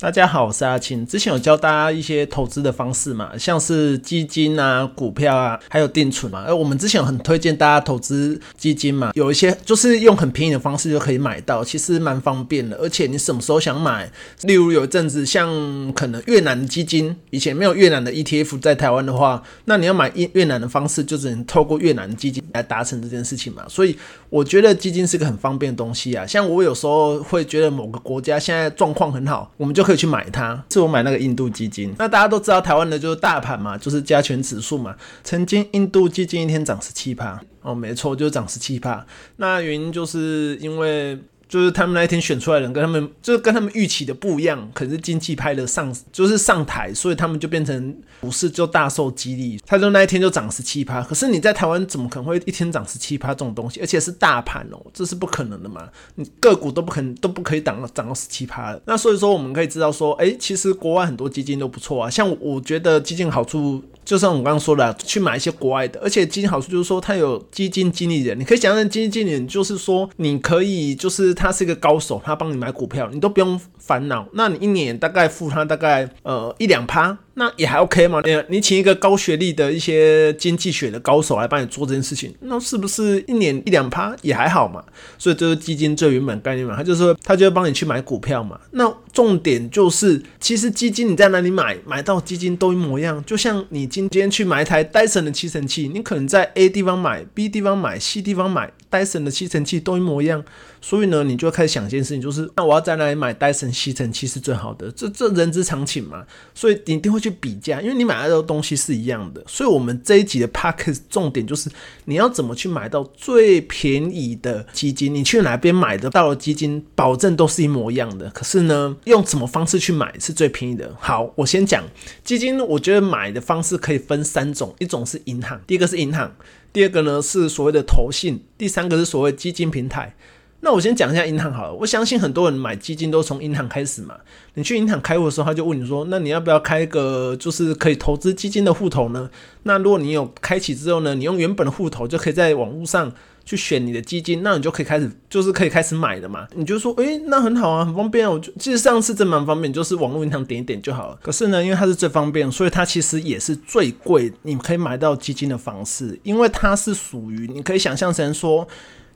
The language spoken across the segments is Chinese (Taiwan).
大家好，我是阿青。之前有教大家一些投資的方式嘛，像是基金啊、股票啊，還有定存嘛。而我們之前有很推薦大家投資基金嘛，有一些就是用很便宜的方式就可以買到，其實蠻方便的。而且你什麼時候想買，例如有一陣子像可能越南的基金以前沒有越南的 ETF 在台灣的話，那你要買越南的方式就只能透過越南的基金來達成這件事情嘛。所以我覺得基金是個很方便的東西啊。像我有時候會覺得某個國家現在狀況很好，我們就可以去買它，是我買那個印度基金。那大家都知道，台灣的就是大盤嘛，就是加權指數嘛。曾經印度基金一天漲十七趴，哦，沒錯，就漲十七趴。那原因就是因為，就是他們那一天選出來的人，跟他們就是跟他們預期的不一樣。可能是經濟拍了上，就是上台，所以他們就變成股市就大受激勵，他就那一天就漲十七趴。可是你在台灣怎麼可能會一天漲十七趴這種東西？而且是大盤哦、喔，這是不可能的嘛。你個股都不肯都不可以漲到漲到十七趴。那所以說我們可以知道說，哎、欸，其實國外很多基金都不錯啊。像我，我覺得基金好處，就像我剛剛說的、啊，去買一些國外的，而且基金好處就是說它有基金經理人，你可以想象基金經理人就是說你可以就是。他是一個高手，他幫你買股票，你都不用煩惱。那你一年大概付他大概呃一兩趴，那也還 OK 嘛。你你請一個高學歷的一些經濟學的高手來幫你做這件事情，那是不是一年一兩趴也還好嘛？所以就是基金最原本概念嘛，他就說、是、他就會幫你去買股票嘛。那重點就是，其實基金你在哪裡買，買到基金都一模一樣。就像你今天去買一台戴森的吸塵器，你可能在 A 地方買，B 地方買，C 地方買。戴森的吸塵器都一模一樣，所以呢，你就開始想一件事情，就是那我要在哪裡買戴森吸塵器是最好的？這這人之常情嘛，所以你一定會去比價，因為你買到的東西是一樣的。所以我們這一集的 podcast 重點就是你要怎麼去買到最便宜的基金？你去哪邊買得到的基金，保證都是一模一樣的。可是呢，用什麼方式去買是最便宜的？好，我先講基金，我覺得買的方式可以分三種，一種是銀行，第一個是銀行。第二個呢是所謂的投信，第三個是所謂基金平台。那我先講一下銀行好了。我相信很多人買基金都從銀行開始嘛。你去銀行開戶的時候，他就問你說：“那你要不要開一個就是可以投資基金的戶頭呢？”那如果你有開啟之後呢，你用原本的戶頭就可以在網路上。去選你的基金，那你就可以開始，就是可以開始買的嘛。你就說，誒、欸，那很好啊，很方便啊，我就其實上次真蠻方便，就是網絡銀行點一點就好了。可是呢，因為它是最方便，所以它其實也是最貴。你可以買到基金的方式，因為它是屬於你可以想象成說，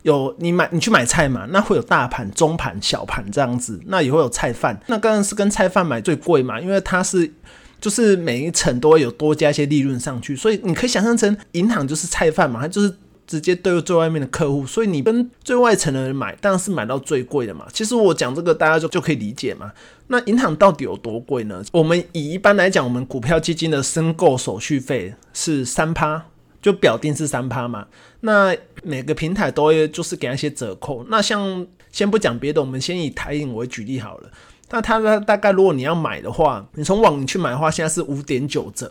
有你買你去買菜嘛，那會有大盤、中盤、小盤這樣子。那也會有菜販，那當然是跟菜販買最貴嘛，因為它是就是每一層都會有多加一些利潤上去，所以你可以想象成銀行就是菜販嘛，它就是。直接對最外面的客戶，所以你跟最外層的人買，當然是買到最貴的嘛。其實我講這個，大家就就可以理解嘛。那銀行到底有多貴呢？我們以一般來講，我們股票基金的申購手續費是三趴，就表定是三趴嘛。那每個平台都會就是給那些折扣。那像先不講別的，我們先以台銀為舉例好了。那它大概如果你要買的話，你從網銀去買的話，現在是五點九折。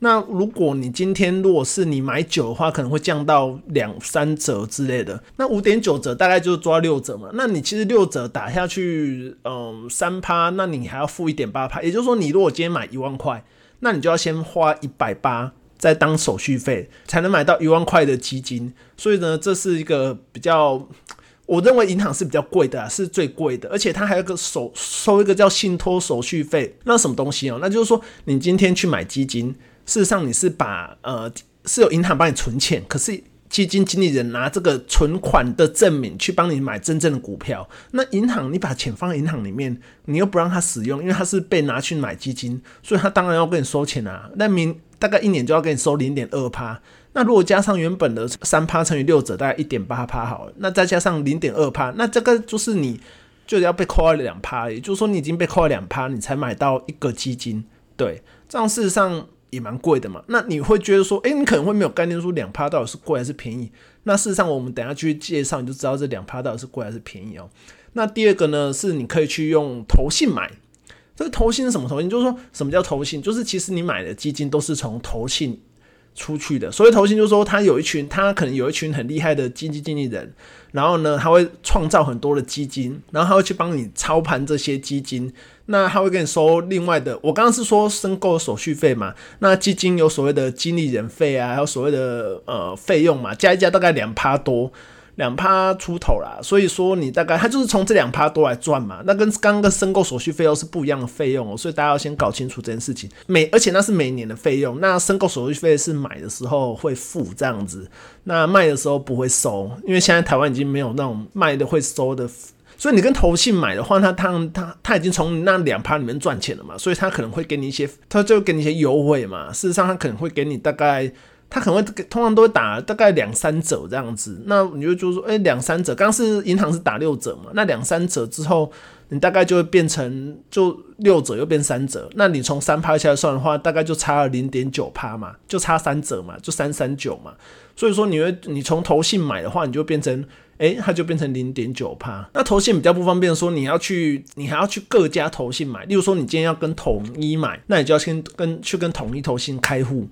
那如果你今天如果是你買九的話，可能會降到兩三折之類的。那五點九折大概就是抓六折嘛。那你其實六折打下去，嗯，三趴，那你還要付一點八趴。也就是說，你如果今天買一萬塊，那你就要先花一百八，再當手續費，才能買到一萬塊的基金。所以呢，這是一個比較，我認為銀行是比較貴的，是最貴的，而且它還有一個手收，收一個叫信托手續費，那什麼東西哦、喔？那就是說，你今天去買基金。事實上，你是把呃，是有銀行幫你存錢，可是基金經理人拿這個存款的證明去幫你買真正的股票。那銀行，你把錢放在銀行裡面，你又不讓他使用，因為他是被拿去買基金，所以他當然要跟你收錢啊。那明大概一年就要給你收零點二趴。那如果加上原本的三趴乘以六折，大概一點八趴好。那再加上零點二趴，那這個就是你就要被扣了兩趴。也就是說，你已經被扣了兩趴，你才買到一個基金。對，這樣事實上。也蠻貴的嘛，那你會覺得說，哎、欸，你可能會沒有概念說，兩趴到底是貴還是便宜。那事實上，我們等下去介紹你就知道這兩趴到底是貴還是便宜哦。那第二個呢，是你可以去用投信買。這個投信是什麼投信？就是說什麼叫投信？就是其實你買的基金都是從投信出去的，所以投信，就是說他有一群，他可能有一群很厲害的基金經理人，然後呢，他會創造很多的基金，然後他會去幫你操盤這些基金，那他會跟你收另外的。我剛剛是說申購手續費嘛，那基金有所謂的經理人費啊，還有所謂的呃費用嘛，加一加大概兩趴多。兩趴出頭啦，所以說你大概他就是從這兩趴都來賺嘛，那跟剛剛的申購手續費又是不一樣的費用哦，所以大家要先搞清楚這件事情。每而且那是每年的費用，那申購手續費是買的時候會付這樣子，那賣的時候不會收，因為現在台灣已經沒有那種賣的會收的，所以你跟投信買的話，他他他他已經從那兩趴裡面賺錢了嘛，所以他可能會給你一些，他就給你一些優惠嘛。事實上，他可能會給你大概。他可能會通常都會打大概兩三折這樣子，那你就就是說，哎、欸，兩三折，剛是銀行是打六折嘛，那兩三折之後，你大概就會變成就六折又變三折,那你從三趴下來算的話，大概就差了零點九趴嘛，就差三折嘛，就三三九嘛，所以說你會你從投信買的話，你就會變成，哎、欸，它就變成零點九趴，那投信比較不方便說，說你還要去你還要去各家投信買，例如說你今天要跟統一買，那你就要先跟去跟統一投信開戶。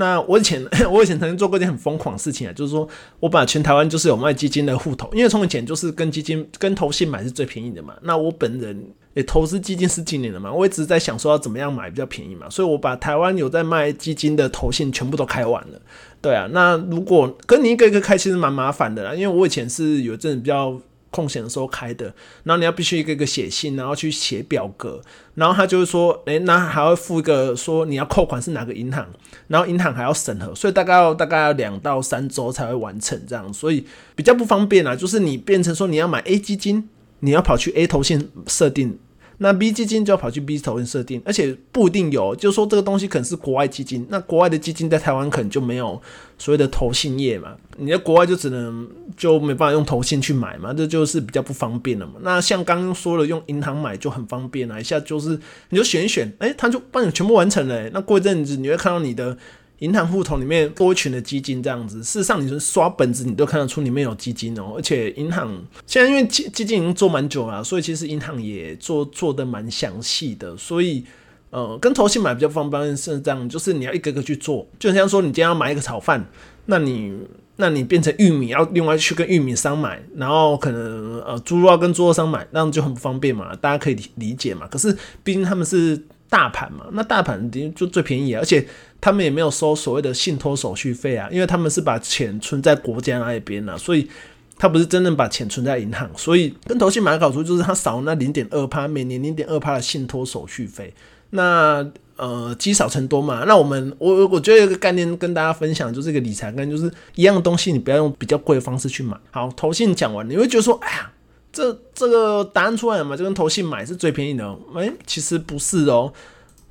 那我以前，我以前曾經做過一件很瘋狂的事情啊，就是說我把全台灣就是有賣基金的戶頭，因為從以前就是跟基金跟投信買是最便宜的嘛。那我本人也、欸、投資基金是十幾年的嘛，我一直在想說要怎麼樣買比較便宜嘛，所以我把台灣有在賣基金的投信全部都開完了。對啊，那如果跟你一個一個開，其實蠻麻煩的啦，因為我以前是有陣比較。空閒的時候開的，然後你要必須一個一個寫信，然後去寫表格，然後他就是說，誒、欸，那還要付一個說你要扣款是哪個銀行，然後銀行還要審核，所以大概要大概要兩到三周才會完成這樣，所以比較不方便啊。就是你變成說你要買 A 基金，你要跑去 A 投信設定。那 B 基金就要跑去 B 投信設定，而且不一定有，就是說這個東西可能是國外基金，那國外的基金在台灣可能就沒有所謂的投信業嘛，你在國外就只能就沒辦法用投信去買嘛，這就是比較不方便了嘛。那像剛剛說了，用銀行買就很方便啊，一下就是你就選一選，誒，他就幫你全部完成了，欸，那過一陣子你會看到你的。銀行戶頭裡面多一群的基金這樣子，事實上你是刷本子，你都看得出裡面有基金哦、喔。而且銀行現在因為基基金已經做蠻久了，所以其實銀行也做做得蠻詳細的。所以，呃，跟投信買比較方便是這樣，就是你要一個一個去做，就像說你今天要買一個炒飯，那你那你變成玉米要另外去跟玉米商買，然後可能呃豬肉要跟豬肉商買，那樣就很不方便嘛，大家可以理理解嘛。可是畢竟他們是。大盤嘛，那大盤就最便宜啊，而且他們也沒有收所謂的信托手續費啊，因為他們是把錢存在國家那一邊了，所以他不是真正把錢存在銀行，所以跟投信買的好處就是他少那零點二趴，每年零點二趴的信托手續費，那呃積少成多嘛。那我們我我覺得有個概念跟大家分享，就是一個理財跟就是一樣東西，你不要用比較貴的方式去買。好，投信講完，你會覺得說，哎呀。這這個答案出來嘛，就跟投信買是最便宜的哦。誒，欸，其實不是哦，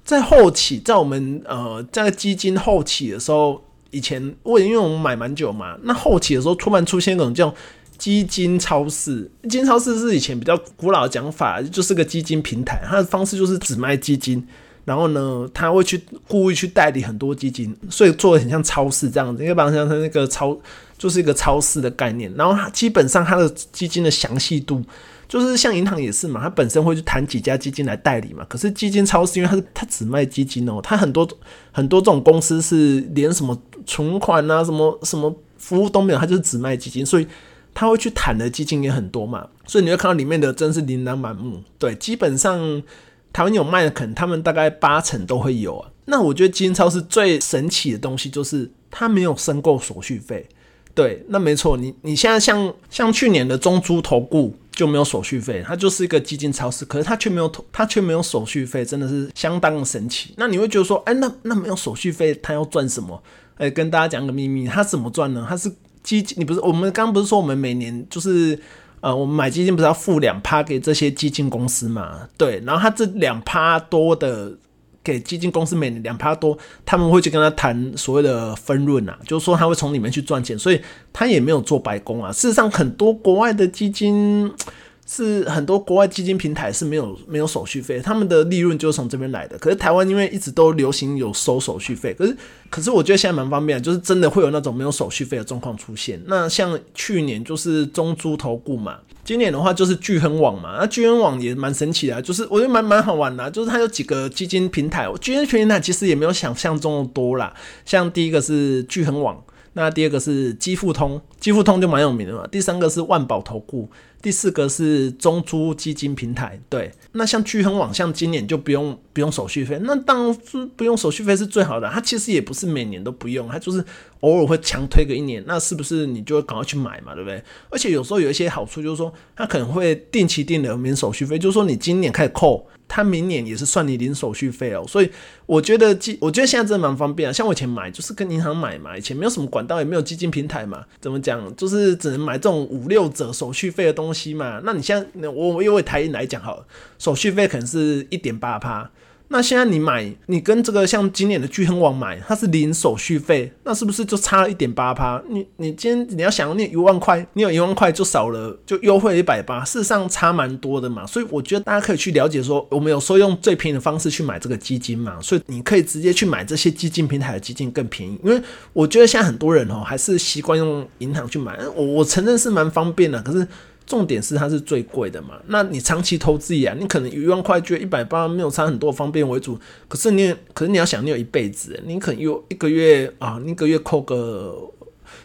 在後期，在我們呃在基金後期的時候，以前我因為我們買蠻久嘛，那後期的時候突然出現一種叫基金超市。基金超市是以前比較古老的講法，就是個基金平台，它的方式就是只賣基金。然後呢，他會去故意去代理很多基金，所以做得很像超市這樣子，因為把它當成那個超，就是一個超市的概念。然後他基本上他的基金的詳細度，就是像銀行也是嘛，他本身會去談幾家基金來代理嘛。可是基金超市因為他是他只賣基金哦，他很多很多這種公司是連什麼存款啊、什麼什麼服務都沒有，他就是只賣基金，所以他會去談的基金也很多嘛。所以你會看到裡面的真是琳琅滿目，對，基本上。台灣有賣的，可能他們大概八成都會有啊。那我覺得基金超市最神奇的東西就是它沒有申購手續費。對，那沒錯，你你現在像像去年的中租投顧就沒有手續費，它就是一個基金超市，可是它卻沒有投，它卻沒有手續費，真的是相當的神奇。那你會覺得說，哎、欸，那那沒有手續費，它要賺什麼？哎、欸，跟大家講個秘密，它怎麼賺呢？它是基金，你不是我們剛剛不是說我們每年就是。呃，我們買基金不是要付兩趴給這些基金公司嘛？對，然後他這兩趴多的給基金公司每年兩趴多，他們會去跟他談所謂的分潤啊，就是說他會從裡面去賺錢，所以他也沒有做白工啊。事實上，很多國外的基金。是很多國外基金平台是沒有沒有手續費，他們的利潤就是從這邊來的。可是台灣因為一直都流行有收手續費，可是可是我覺得現在蠻方便，就是真的會有那種沒有手續費的狀況出現。那像去年就是中租投顧嘛，今年的話就是鉅亨網嘛。那鉅亨網也蠻神奇的，啊，就是我覺得蠻蠻好玩的，啊，就是它有幾個基金平台。鉅亨平台其實也沒有想象中的多啦。像第一個是鉅亨網，那第二個是基富通，基富通就蠻有名的嘛。第三個是萬寶投顧。第四個是中租基金平台，對，那像鉅亨網，像今年就不用不用手續費，那當然不用手續費是最好的啊。它其實也不是每年都不用，它就是偶爾會強推個一年，那是不是你就趕快去買嘛，對不對？而且有時候有一些好處就是說，它可能會定期定額免手續費，就是說你今年開始扣，它明年也是算你零手續費哦。所以我覺得，我我覺得現在真的蠻方便啊。像我以前買就是跟銀行買嘛，以前沒有什麼管道，也沒有基金平台嘛，怎麼講就是只能買這種五六折手續費的東西。東西嘛，那你像我，因用台銀來講好了，手續費可能是一點八趴。那現在你買，你跟這個像今年的鉅亨網買，它是零手續費，那是不是就差了一點八趴？你你今天你要想要那一萬塊，你有一萬塊就少了，就優惠一百八，事實上差蠻多的嘛。所以我覺得大家可以去了解說，我們有時候用最便宜的方式去買這個基金嘛。所以你可以直接去買這些基金平台的基金更便宜，因為我覺得現在很多人哦、喔、還是習慣用銀行去買，欸、我我承認是蠻方便的，可是。重點是它是最貴的嘛？那你長期投資啊，你可能一萬塊就一百八，沒有差很多，方便為主。可是你，可是你要想，你有一輩子，你可能有一個月啊，一個月扣個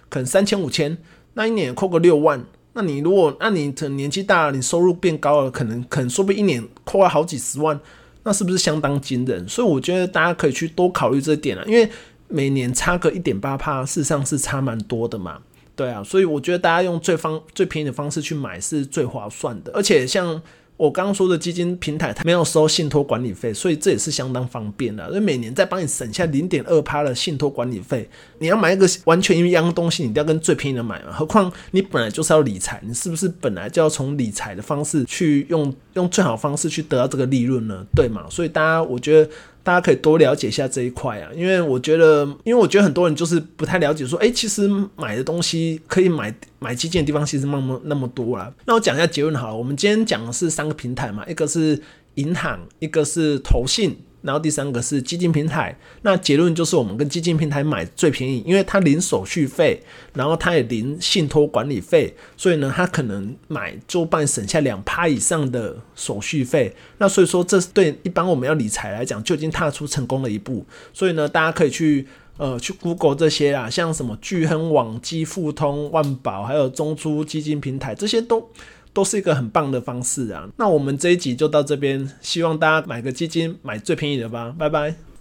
可能三千五千，那一年也扣個六萬，那你如果，那你可能年紀大了，你收入變高了，可能可能說不定一年扣了好幾十萬，那是不是相當驚人？所以我覺得大家可以去多考慮這一點啊，因為每年差個一點八趴，事實上是差蠻多的嘛。對啊，所以我覺得大家用最方，最便宜的方式去買是最划算的。而且像我剛剛說的，基金平台它沒有收信托管理費，所以這也是相當方便的。所以每年再幫你省下零點二趴的信托管理費，你要買一個完全一樣東西，你一定要跟最便宜的買嘛。何況你本來就是要理財，你是不是本來就要從理財的方式去用用最好的方式去得到這個利潤呢？對嗎？所以大家，我覺得。大家可以多了解一下這一塊啊，因為我覺得，因為我覺得很多人就是不太了解，說，哎、欸，其實買的東西可以買買基金的地方其實那麼那麼多啦、啊。那我講一下結論好了，我們今天講的是三個平台嘛，一個是銀行，一個是投信。然後第三個是基金平台，那結論就是我們跟基金平台買最便宜，因為它零手續費，然後它也零信託管理費，所以呢，它可能買就辦省下兩趴以上的手續費。那所以說，這對一般我們要理財來講，就已經踏出成功了一步。所以呢，大家可以去呃去 Google 這些啊，像什麼鉅亨網、基富通、萬寶，還有中租基金平台，這些都。都是一個很棒的方式啊，那我們這一集就到這邊，希望大家買個基金，買最便宜的吧。拜拜。